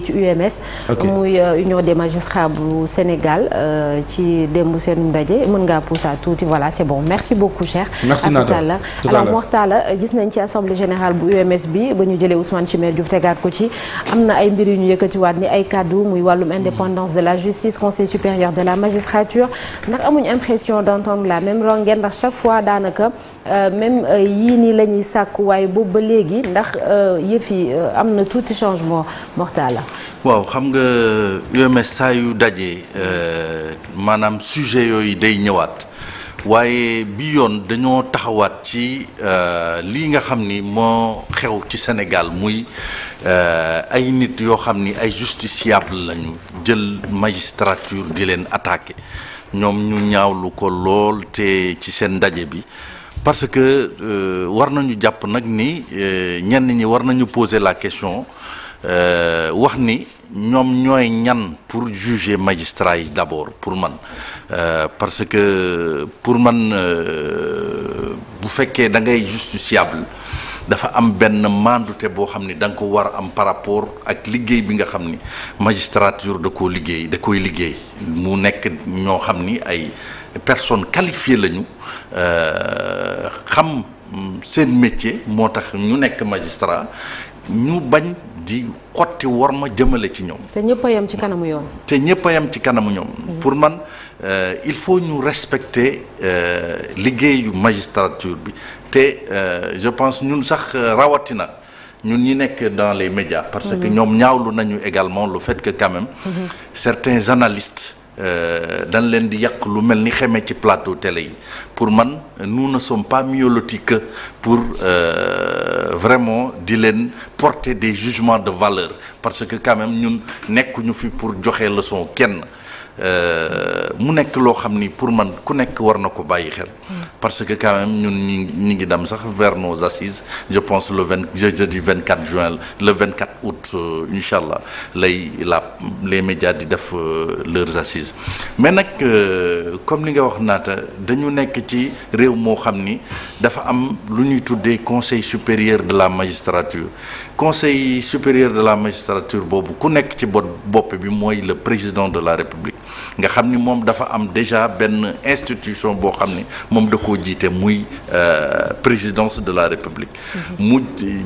ci UMS muy euh, union des magistrats bu Sénégal euh, ci démb seen ndaje mën ngaa pousser tuuti voilà c'est bon merci beaucoup cher merci à tout à l'heure alors Mortala euh, gis nañ ci assemblée générale bu UMS bi ba ñu jëlee Ousmane Chimère Diouf tegaat ko ci am na ay mbir yu ñu yëkkatiwaat ni ay kàddu muy wàllum indépendance de la justice conseil supérieur de la magistrature ndax amuñ impression d'entendre la même rengaine ndax chaque fois daanaka même yii nii lañuy ñuy waaye boobu ba léegi ndax yëf yi am na tuuti changement Mortala waaw xam nga UMS saa yu dajee euh, maanaam sujet yooyu day ñëwaat waaye bi yoon dañoo taxawaat ci euh, lii nga xam ni moo xew ci Sénégal muy euh, ay nit yoo xam ni ay justiciable lañu jël magistrature di leen attaqué ñoom ñu ñaawlu ko lool te ci seen ndaje bi. parce que war nañu jàpp nag ni ñenn ñi war nañu poser la question Euh, wax ni ñoom ñooy ñan pour juger magistrat yi d'abord pour man euh, parce que pour man euh, bu fekkee da ngay justiciable dafa am benn mandute boo xam ni da nga ko war a am par rapport ak liggéey bi nga xam ni magistrature da koo liggéey da koy liggéey mu nekk ñoo xam ni ay personnes qualifiées lañu xam seen métier moo tax ñu nekk magistrat ñu bañ di xotti war ma jëmale ci ñoom. te ñëpp ci kanamu yoon. te ñëpp yem ci kanamu ñoom. Mm-hmm. pour man euh, il faut ñu respecter euh, liggéeyu magistrature bi te euh, je pense ñun sax euh, rawatina. ñun ñi nekk dans les médias parce que mm-hmm. ñoom ñaawlu nañu également lu fait que quand même mm-hmm. certains analystes euh, dañ leen di yàq lu mel ni xeme ci plateau télé yi pour man nous ne sommes pas mieux pour vraiment di leen porter des jugements de valeurs parce que quand même ñun nekkuñu fi pour joxe leçon kenn Euh, mu nekk loo xam ni pour man ku nekk war na ko bàyyi xel. parce que quand même ñun ñu ñu ngi dem sax vers nos assises je pense le vingt jeu jeudi vingt quatre juin le vingt quatre août euh, incha allah lay la les médias di def euh, leurs assises mais nag comme li nga wax naata dañu nekk ci réew moo xam ni dafa am lu ñuy tuddee conseil supérieur de la magistrature. conseil supérieur de la magistrature boobu ku nekk ci bot bopp bi mooy le président de la république nga xam ni moom dafa am déjà benn institution boo xam ni moom da koo jiite muy euh, présidence de la république mhm. mu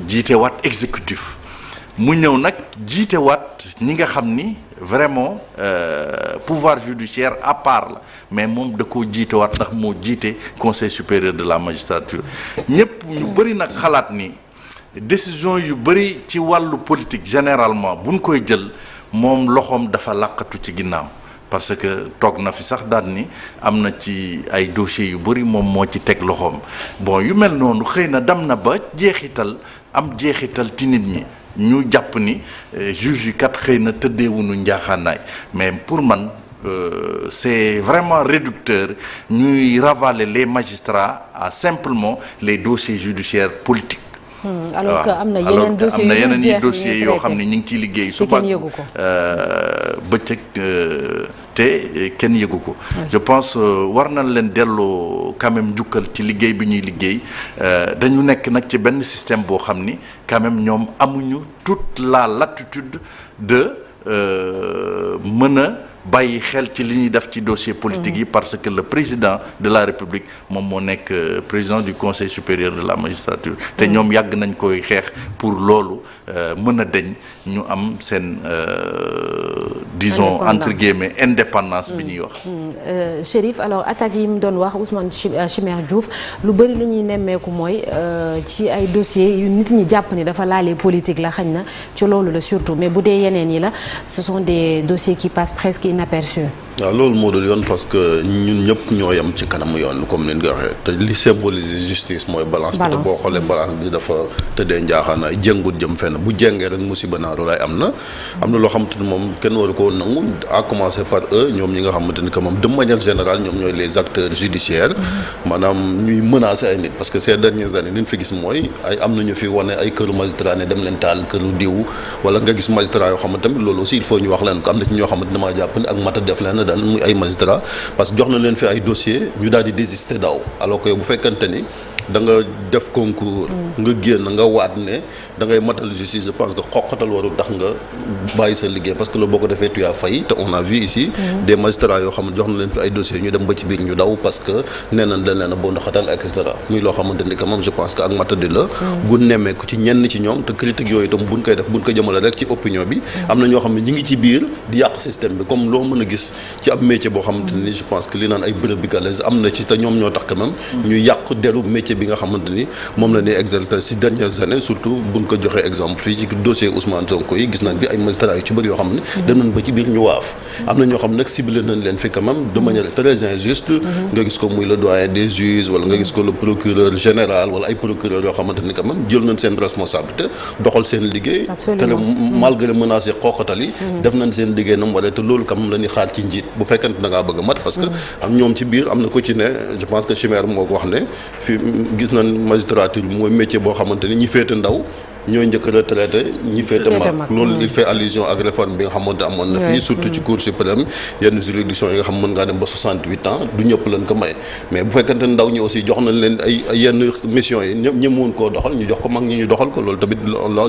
jiite waat exécutif mu ñëw nag jiite waat ñi nga xam ni vraiment euh, pouvoir judiciaire à part la mais moom da koo jiite waat ndax moo jiite conseil supérieur de la magistrature ñëpp ñu mm. bëri nag xalaat ni décision yu bëri ci wàllu politique généralement buñ koy jël moom loxoom dafa làqatu ci ginnaaw parce que toog na fi sax daan ni am na ci ay dossiers yu bëri moom moo ci teg loxoom bon yu mel noonu xëy na dem na ba jeexital am jeexital ci nit ñi ñu jàpp ni eh, juge yu kat xëy na tëddeewuñu njaaxaanaay mais pour man Euh, c'est vraiment réducteur ñuy ravale les magistrats à simplement les dossiers judiciaires politiques Hmm, ah, alors que am na yeneen am na yeneen yi dossiers yoo xam ne ñu ngi ciy liggéey suba euh, bëccëg euh, te euh, kenn yëgu ko je pense war na leen delloo quand même njukkal ci liggéey bi ñuy liggéey dañu nekk nag ci benn système boo xam ni quand ñoom amuñu toute la latitude de mën a bàyyi xel ci li ñuy def ci dossier politique yi mhm. parce que le président de la république moom moo nekk euh, président du conseil supérieur de la magistrature te mhm. ñoom yàgg nañ koy xeex pour loolu euh, mën a deñ ñu am seen euh, disons entre guillemets indépendance bi ñuy wax. Hmm. Hmm. Euh, Chérif alors attaques yi mu doon wax Ousmane euh, Chimère Diouf lu bëri li ñuy nemmeeku mooy euh, ci ay dossiers yu nit ñi jàpp ni dafa laalee politique la xañ na ci loolu la surtout mais bu dee yeneen yi la ce sont des dossiers qui passent presque inaperçus. waaw loolu moo dul yoon parce que ñun ñëpp ñoo yem ci kanamu yoon comme ni nga ko te li symboliser justice mooy balance boo xoolee balance bi dafa tëddee njaaxaana jéngut jëm fenn bu jengee rek musiba naaru lay am na am na loo xamante ni moom kenn waru ko nangu à commencer par eux ñoom ñi nga xamante ni que moom de manière générale ñoom ñooy les acteurs judiciaires mm-hmm. maanaam ñuy menacer ay nit parce que ces dernières années li ñu fi gis mooy ay am nañu fi leen taal këru diw wala nga gis magistrat yoo xamante tamit loolu ñu daal muy ay magistrat parce que jox na leen fi ay dossier ñu daal di désister daaw alors que bu fekkante ni da def concours. nga génn nga waat ne da ngay matal justice je pense que xoqatal warul tax nga bàyyi sa liggéey parce que loolu boo ko defee tu as te on a vu ici. des magistrats yoo xam ne je pense que ak matadi la. bu nemmeeku ci ñenn ci ñoom te critique yooyu itam buñ koy def buñ ko jëmale rek ci opinion bi. am na ñoo xam ne ñu ngi ci biir di yàq système bi comme loo mën a gis ci ab métier boo xamante je pense que li naan ay bërëb bi am bi nga xamante moom la ñuy exalté si dernières années surtout buñ ko joxee exemple fii ci dossier Ousmane Sonko yi gis nañ fi ay magistrat yu ci bëri yoo xam mhm. fi mhm. nga gis ko muy le doyen des juges wala nga gis ko le procureur général wala ay procureur yoo xamante ni jël nañ seen responsabilité doxal seen liggéey te mhm. malgré menaces yi xooqatal yi def seen liggéey nam wala te loolu kam la ñuy xaar ci njiit bu fekkante da bëgg gis nañ magistrature bi mooy métier boo xamante ni ñii féete ndaw ñoo njëkk retraité ñi féete mag loolu il mm. fait allusion ak bi nga xamante amoon na fii surtout ci mm. cour suprême yenn juridiction yi nga xam mën ngaa dem ba 68 ans du ñëpp lañ ko may mais bu fekkante ndaw ñi aussi jox nañ leen ay yenn mission yi ñëpp koo doxal ñu jox ko mag ñu doxal ko loolu tamit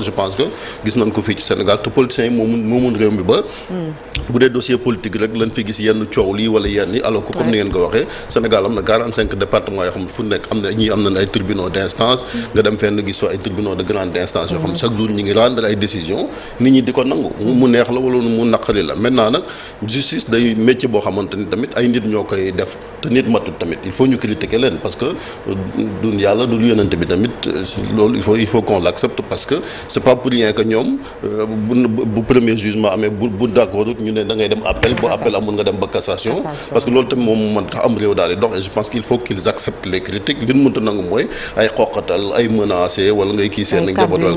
je pense que gis nañ ko fii ci Sénégal te politiciens yi moomun moomun réew mi ba mm. bu dee dossier politique rek lañ fi gis yenn instance yoo xam chaque jour ñu ngi rendre ay décision nit ñi di ko nangu mu neex la wala mu naqari la maintenant nag justice day métier boo xamante ni tamit ay nit ñoo koy def te nit matut tamit il faut ñu critiquer leen parce que euh, du yàlla du yonent bi tamit euh, loolu il que c'est pas pour rien que ñoom euh, bu bu premier jugement amee bu bu d'accord ñu ne da ngay les critiques li ñu mënta nangu mooy ay xoqatal ay menacé wala ngay kii seen njaboot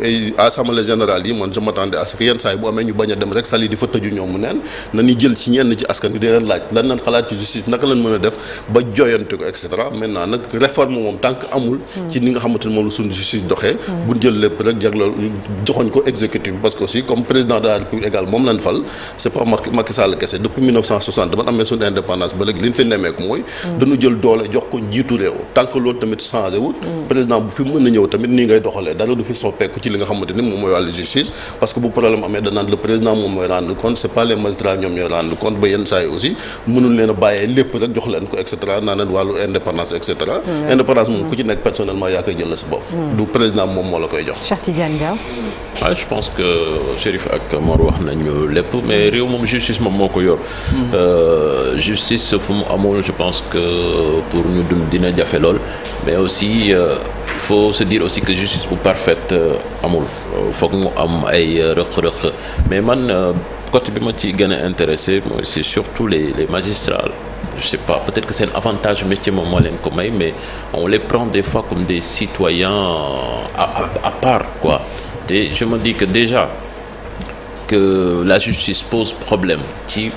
ay assemblée générale yi man je m'attendais à ce yenn saa bu amee ñu bañ a dem rek sali di fa tëju ñoom mu neen nañu jël ci ñenn ci askan wi di laaj lan lañ xalaat ci justice naka lañ mën a def ba joyante ko et cetera comme président de la république moom lañ fal c'est pas Macky Sall kese depuis 1960 amee suñu indépendance ba léegi li ñu fi nemmeeku mooy dañu jël doole jox ko njiitu réew tant loolu tamit changé wut président bu fi mën a ñëw ci li nga xamante ni moom mooy wàllu justice parce que bu problème amee danaan le président moom mooy rendre compte c'est pas les magistrats ñoom ñooy rendre compte ba yenn saa aussi mënul leen bàyyee lépp rek jox leen ko et cetera leen wàllu indépendance et indépendance moom ku ci nekk personnellement yaa koy jël sa bopp du président moom moo la koy jox Cheikh Tidiane Diaw waaw je pense que Chérif ak Mor wax nañu lépp mais réew moom justice moom moo ko yor mm. euh, justice fu je pense pour ñu dund dina jafe lool faut se dire aussi que justice bu parfaite euh, amul euh, foog mu am ay euh, rëq-rëq mais man côté bi ma ci gën a intéressé mooy c'est surtout les les magistrats je sais pas peut-être que c'est un avantage métier moom moo leen ko may mais on les prend des fois comme des citoyens à, à, à part quoi te je me dis que déjà que la justice pose problème ci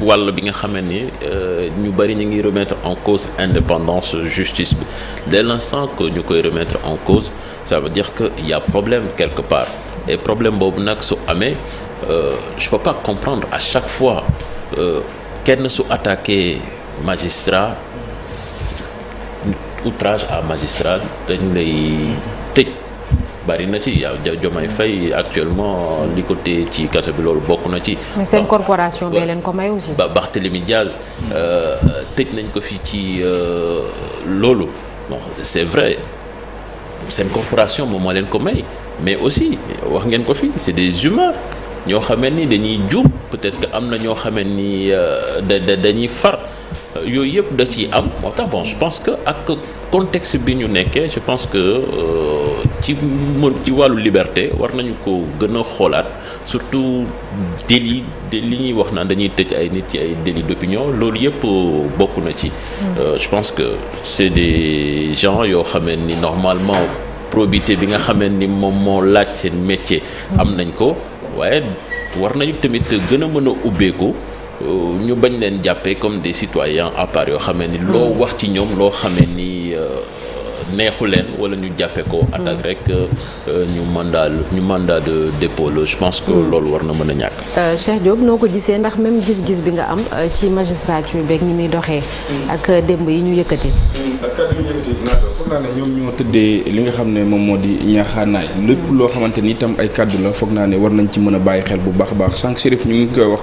wàll bi nga xamee ni euh, ñu bëri ñu ngi remettre en cause indépendance justice bi dès l'instant que ñu koy remettre en cause ça veut dire que y a problème quelque part et problème boobu nag su amee euh, je peux pas comprendre à chaque fois euh, kenn su attaqué magistrat outrage à magistrat dañ lay tëj bari na ci yow Diomaye Faye actuellement li ko ci kaso bi loolu bokk na ci. mais seen corporation bee ko may aussi. ba Barthélémy Diaz euh, tëj nañ ko fii ci euh, loolu bon c'est vrai seen corporation moom moo leen ko may mais aussi wax ngeen ko fi c'est des humains ñoo xamee ni dañuy juum peut-être que am na ñoo xamee ni euh, da dañuy far yooyu yëpp da ciy am moo tax bon je pense que ak contexte bi ñu nekkee je pense que. ci mën ci wàllu liberté war nañu ko gën a xoolaat surtout délit de li ñuy wax naan dañuy tëj ay nit ci ay délit d'opinion loolu yëpp bokk na ci. Mm. Euh, je pense que c'est des gens yoo xamee ni normalement probité bi nga xamee ni moom moo laaj seen métier. Mm. am nañ ko waaye war nañu tamit gën a mën a ubbeeku. Euh, ñu bañ leen jàppee comme des citoyens à yoo xamee ni mm. loo wax ci ñoom loo xamee ni neexu leen wala ñu jàppe ko attaque rek euh, ñu mandat ñu mandat de dépôt la je pense que hmm. loolu war na mën a ñàkk. Euh, Cheikh Diop noo ko gisee ndax même gis-gis bi nga am euh, ci magistrature beeg ñi muy doxee. Hmm. ak démb yi ñu yëkkati. Hmm, yi ñu yëkkati foog naa ne ñoom li nga xam ne moom moo di ñaaxaanaay lépp loo xamante ni itam ay kàddu la foog naa ne war nañ ci mën a bàyyi xel bu baax a sànq Chérif ñu ngi koy wax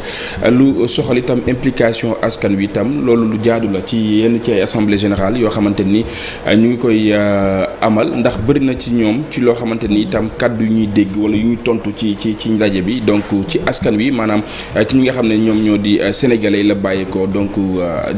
lu soxal itam implication askan wi itam loolu lu jaadu la ci yenn ci ay assemblée yoo xamante ni euh, ñu ngi koy euh, amal ndax bëri na ci ñoom ci loo xamante ni itam kàddu yu ñuy dégg wala yu ñuy tontu ci ci ci ndaje bi donc ci askan wi maanaam euh, ci ñi nga xam ne ñoom ñoo di sénégalais la bàyyeekoo donc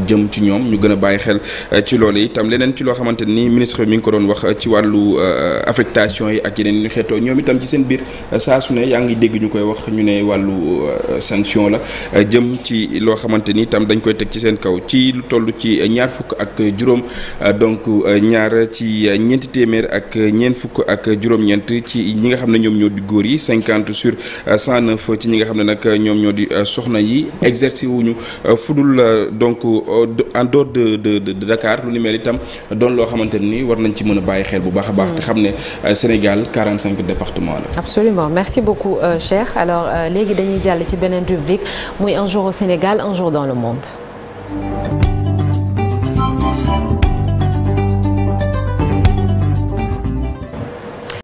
jëm ci ñoom ñu gën a bàyyi xel ci loolu itam leneen ci loo xamante ni ministre ministre mi ngi ko doon wax euh, ci wàllu euh, affectation yi ak yeneen ñu xeetoo ñoom itam ci seen biir euh, saa su ne yaa ngi dégg ñu koy wax ñu ne wàllu sanction la jëm ci loo xamante ni itam dañ koy teg ci seen kaw ci lu toll ci ñaar fukk ak juróom donc ñaar ci ñeenti téeméer ak ñeent fukk ak juróom-ñeent ci ñi nga xam ne ñoom ñoo di góor yi cinquante sur cent neuf ci ñi nga xam ne nag ñoom ñoo di soxna yi exercer wuñu fudul donc en dehors de de de Dakar lu ni mel war nañ ci mën a bàyyi xel bu baax baax. te xam ne euh, Sénégal 45 département la. absolument merci beaucoup euh, Cheikh alors euh, léegi dañuy jàll ci beneen rubrique muy un jour au Sénégal un jour dans le monde.